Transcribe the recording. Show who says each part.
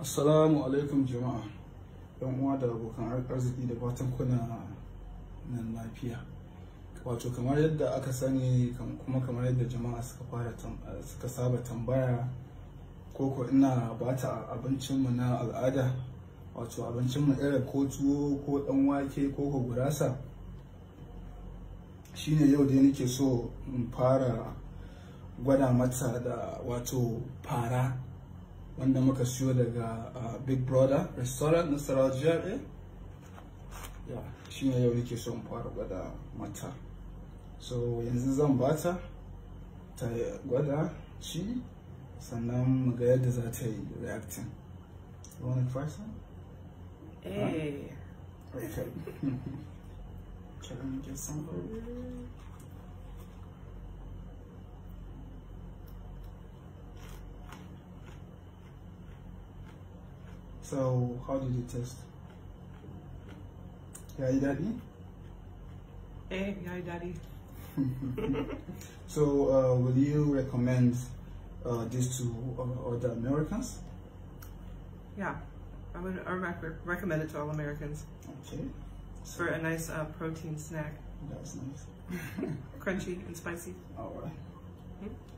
Speaker 1: assalamu alaikum jama'a yan uwa da abokan arziki da fatan kuna nan lafiya wato kamar yadda aka sani kuma kamar yadda jama'a suka fara suka saba tambaya koko ina bata abincinmu na al'ada wato abincinmu irin ko tuwo ko dan wake ko gurasa shine yau dai nake so in fara gwada mata da wato fara wanda muka siyo daga big brother restaurant na sarajiyar ya shi ne yau nake son fara gwada mata so yanzu zan bata ta gwada shi sannan mu ga yadda za ta yi reacting you want to try some?
Speaker 2: Hey. Eh. Huh? okay can I get some
Speaker 3: So how did it taste? Yeah, daddy.
Speaker 4: Hey, eh, yeah, daddy.
Speaker 1: so uh, will you recommend uh, this to uh, other Americans?
Speaker 5: Yeah, I would recommend it to all Americans. Okay. So For a nice uh, protein snack. That's nice. Crunchy and spicy. All right. Mm -hmm.